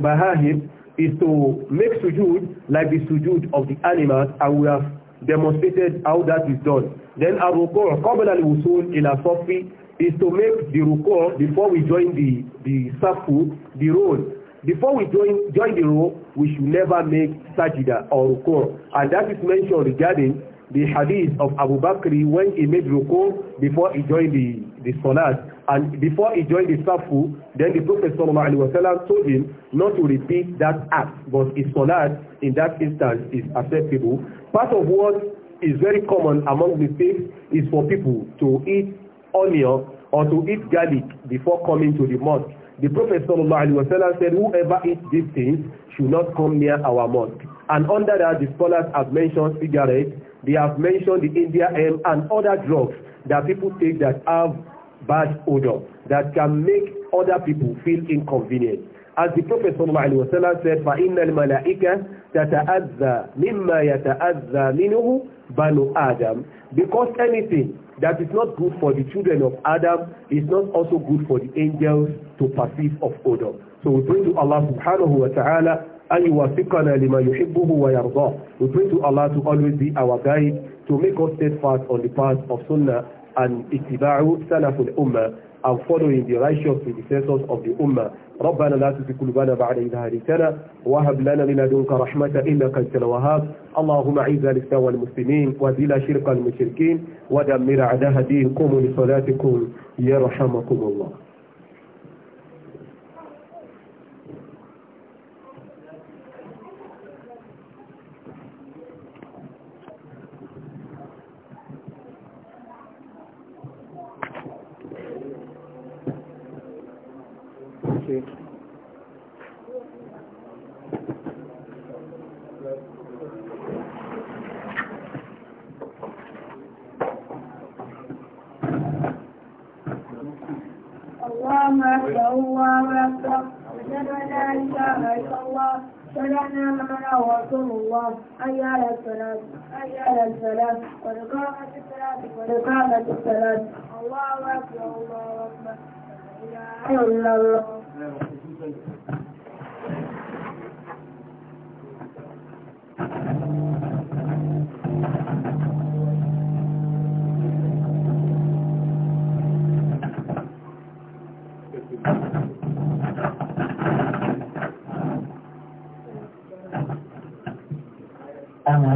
is to make sujud like the sujud of the animals and we have demonstrated how that is done. Then a rukur, qabla al-wusul ila safi is to make the rukur before we join the, the safu, the roll. Before we join, join the roll, we should never make sajida or rukur. And that is mentioned regarding the hadith of Abu Bakr when he made rukur before he joined the, the salat. And before he joined the safu, then the Prophet sallallahu alaihi wasallam told him not to repeat that act, but his salat in that instance is acceptable. Part of what is very common among the faith is for people to eat onion or to eat garlic before coming to the mosque. The Prophet sallallahu alaihi wasallam said, whoever eats these things should not come near our mosque. And under that, the scholars have mentioned cigarettes, they have mentioned the India hemp and other drugs that people take that have bad odor that can make other people feel inconvenient. As the Prophet ﷺ said, فَإِنَّ الْمَلَائِكَ تَتَأَذَّى مِمَّا يَتَأَذَّى مِنْهُ بَنُو Adam. Because anything that is not good for the children of Adam is not also good for the angels to perceive of odor. So we pray to Allah subhanahu wa ta'ala أن يوفقنا لما يحبه ويرضاه. We pray to Allah to always be our guide to make us steadfast on the path of Sunnah and اتباع سلف الأمة and following the righteous predecessors of the Ummah. ربنا لا تزغ قلوبنا بعد إذ هديتنا وهب لنا من لدنك رحمة إنك أنت الوهاب اللهم أعز الإسلام والمسلمين وذل شرك المشركين ودمر أعداء الدين قوموا لصلاتكم يرحمكم الله الصلاة الله أكبر الله أكبر لا إله إلا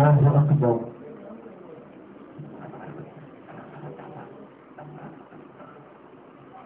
الله الله أكبر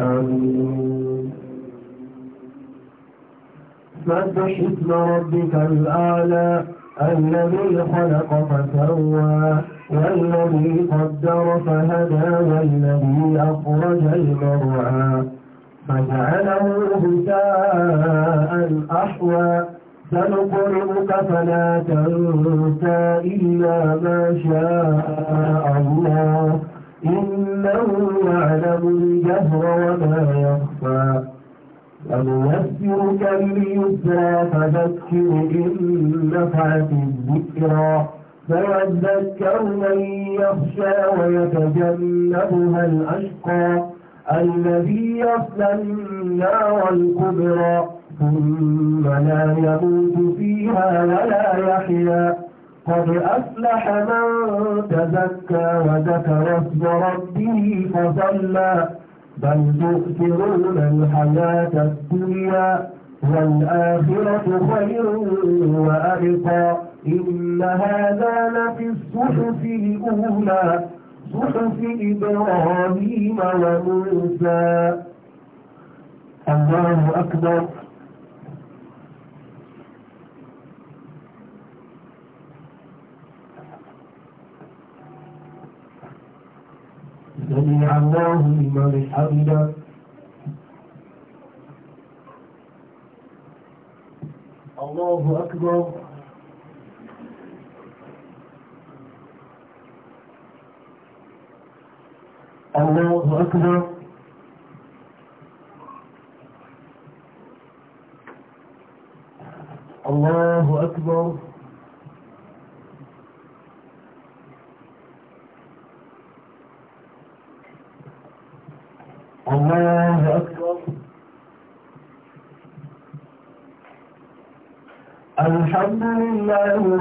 آمين سبح اسم ربك الأعلى الذي خلق فسوى والذي قدر فهدى والذي أخرج المرعى فجعله هتاء أحوى سنقربك فلا تنسى إلا ما شاء الله إنه يعلم الجهر وما يخفى ونيسرك لليسرى فذكر إن نفعت الذكرى فيذكر من يخشى ويتجنبها الأشقى الذي يصلى النار الكبرى ثم لا يموت فيها ولا يَحْيَى قد أفلح من تزكى وذكر اسم ربه فصلى بل تؤثرون الحياة الدنيا والآخرة خير وأبقى إن هذا لفي الصحف الأولى صحف إبراهيم وموسى الله أكبر سمع الله لمن حمده الله أكبر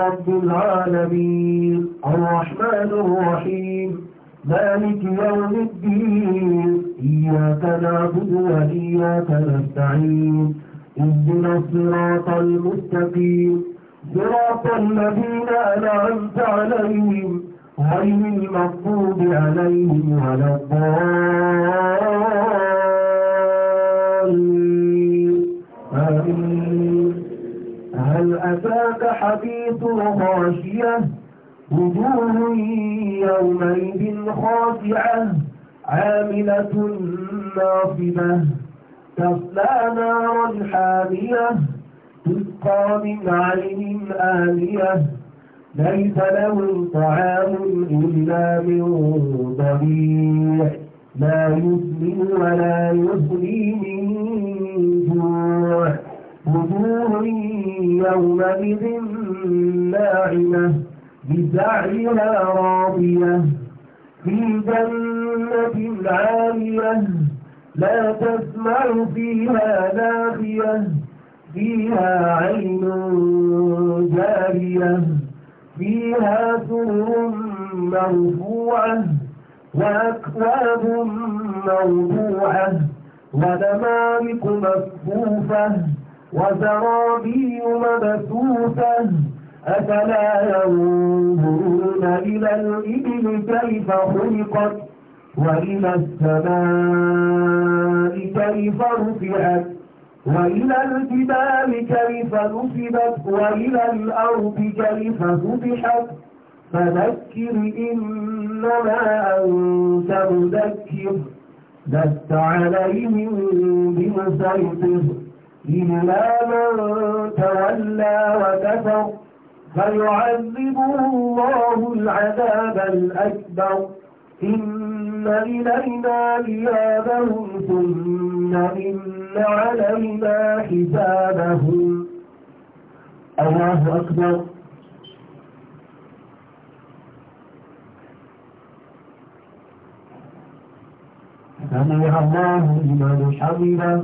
رب العالمين ناصبة تصلى نارا حامية تسقى من عين آلية ليس لهم طعام إلا من ضريع لا يسمن ولا يسمي من جوع وجوه يومئذ ناعمة بسعيها راضية في جنة عالية لا تسمع فيها لاغية فيها عين جارية فيها سر مرفوعة وأكواب موضوعة ونمارق مكفوفة وزرابي مبثوثة أفلا ينظرون إلى الإبل كيف خلقت وإلى السماء كيف رفعت وإلى الجبال كيف نصبت وإلى الأرض كيف فتحت فذكر إنما أنت مذكر لست عليهم بمسيطر إلا من تولى وكفر فيعذبه الله العذاب الأكبر إن إلينا إيابهم ثم إن علينا حسابهم الله أكبر سمع الله لمن حمده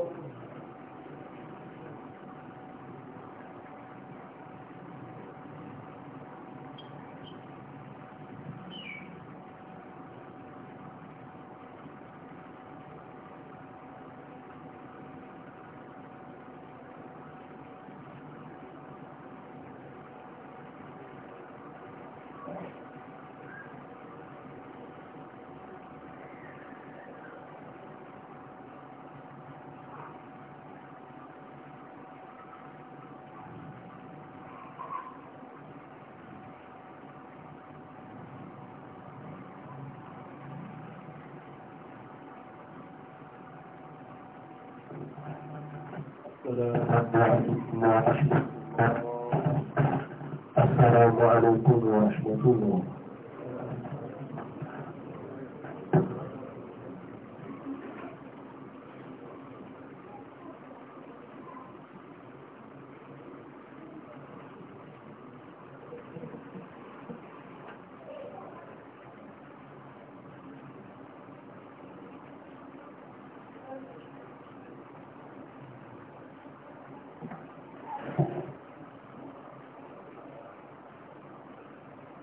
Thank you.